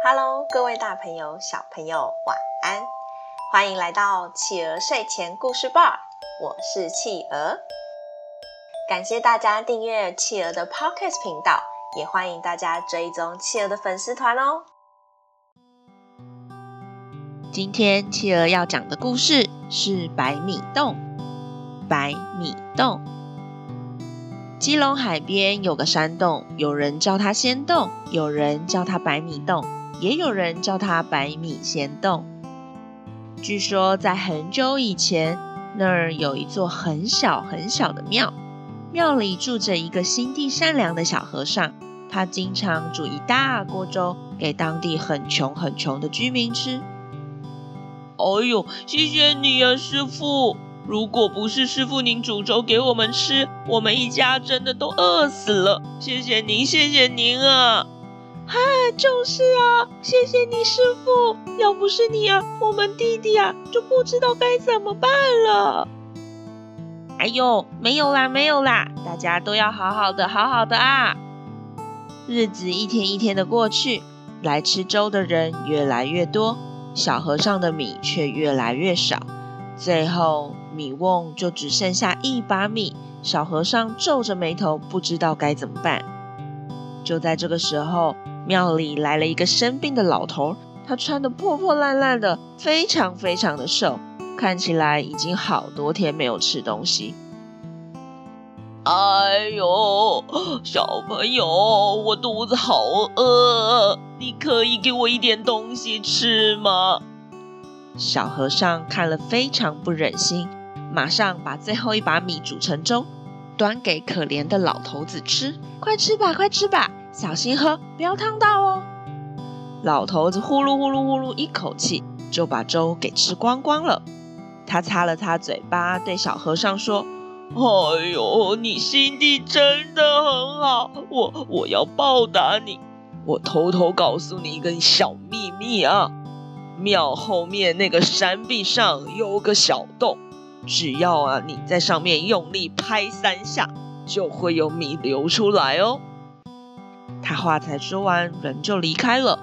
Hello，各位大朋友、小朋友，晚安！歡迎來到企鵝睡前故事吧，我是企鵝。感謝大家訂閱企鵝的 Podcast 頻道，也歡迎大家追蹤企鵝的粉絲團哦。今天企鵝要講的故事是白米洞。白米洞，基隆海邊有個山洞，有人叫它仙洞，有人叫它白米洞。也有人叫它白米仙洞。據說在很久以前，那兒有一座很小很小的廟，廟裡住着一個心地善良的小和尚，他經常煮一大鍋粥給當地很窮很窮的居民吃。哎呦，謝謝你啊，師傅！如果不是師傅您煮粥給我們吃，我們一家真的都餓死了。謝謝您，謝謝您啊！啊、哎，就是啊，謝謝你，師父。要不是你啊，我們弟弟啊，就不知道該怎麼辦了。哎呦，沒有啦，沒有啦，大家都要好好的，好好的啊。日子一天一天的過去，來吃粥的人越來越多，小和尚的米卻越來越少。最後，米甕就只剩下一把米，小和尚皺着眉頭，不知道該怎麼辦。就在這個時候，廟裡來了一個生病的老頭，他穿得破破爛爛的，非常非常的瘦，看起來已經好多天沒有吃東西。哎呦，小朋友，我肚子好餓，你可以給我一點東西吃嗎？小和尚看了非常不忍心，馬上把最後一把米煮成粥，端給可憐的老頭子吃。快吃吧，快吃吧！小心喝，不要燙到哦！老頭子呼嚕呼嚕呼嚕一口氣就把粥給吃光光了。他擦了擦嘴巴，對小和尚說：“哎呦，你心地真的很好，我我要報答你。我偷偷告訴你一個小秘密啊，廟後面那個山壁上有個小洞，只要啊你在上面用力拍三下，就會有米流出來哦。”他話才說完，人就離開了。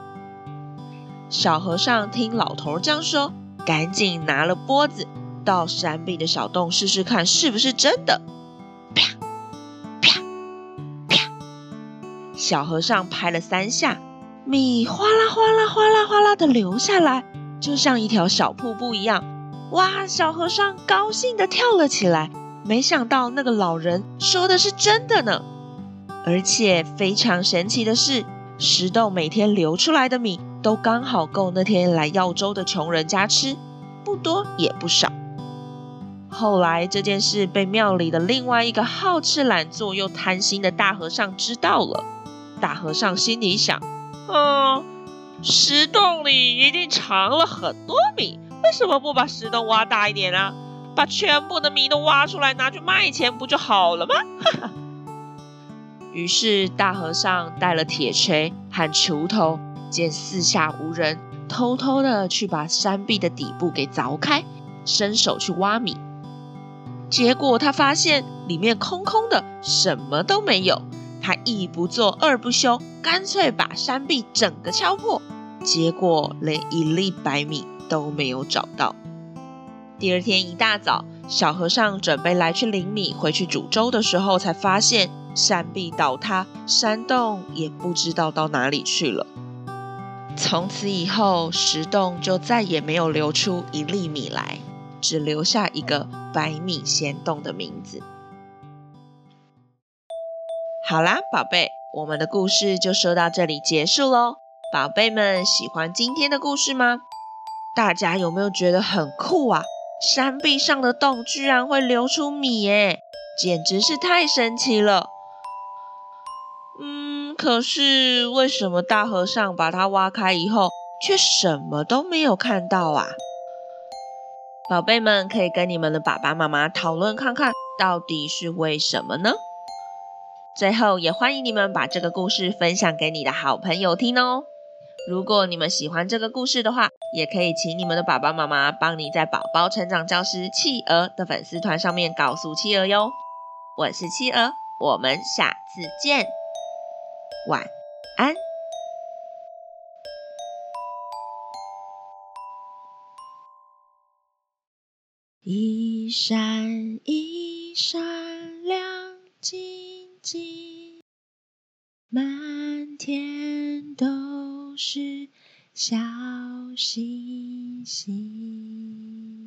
小和尚聽老頭兒這樣說，趕緊拿了缽子到山壁的小洞試試看是不是真的。啪啪啪！小和尚拍了三下，米嘩啦嘩啦嘩啦嘩啦的流下來，就像一條小瀑布一樣。哇！小和尚高興的跳了起來。沒想到那個老人說的是真的呢。而且非常神奇的是，石洞每天流出來的米都剛好夠那天來要粥的窮人家吃，不多也不少。後來這件事被廟裡的另外一個好吃懶做又貪心的大和尚知道了，大和尚心裡想：嗯，石洞裡一定藏了很多米，為什麼不把石洞挖大一點呢，啊？把全部的米都挖出來拿去賣錢，不就好了嗎？哈哈。於是，大和尚帶了鐵錘和鋤頭，見四下無人，偷偷的去把山壁的底部給鑿開，伸手去挖米。結果他發現裡面空空的，什麼都沒有。他一不做二不休，乾脆把山壁整個敲破。結果連一粒白米都沒有找到。第二天一大早，小和尚準備來去領米，回去煮粥的時候，才發現。山壁倒塌，山洞也不知道到哪裡去了。從此以後，石洞就再也沒有流出一粒米來，只留下一個“白米仙洞”的名字。好啦，寶貝，我們的故事就說到這裡結束嘍。寶貝們，喜歡今天的故事嗎？大家有沒有覺得很酷啊？山壁上的洞居然會流出米耶、欸，簡直是太神奇了！可是為什麼大和尚把它挖開以後，卻什麼都沒有看到啊？寶貝們可以跟你們的爸爸媽媽討論看看到底是為什麼呢？最後也歡迎你們把這個故事分享給你的好朋友聽哦、喔。如果你們喜歡這個故事的話，也可以請你們的爸爸媽媽幫你在寶寶成長教室企鵝的粉絲團上面告訴企鵝喲。我是企鵝，我們下次見。晚安。一閃一閃亮晶晶，滿天都是小星星。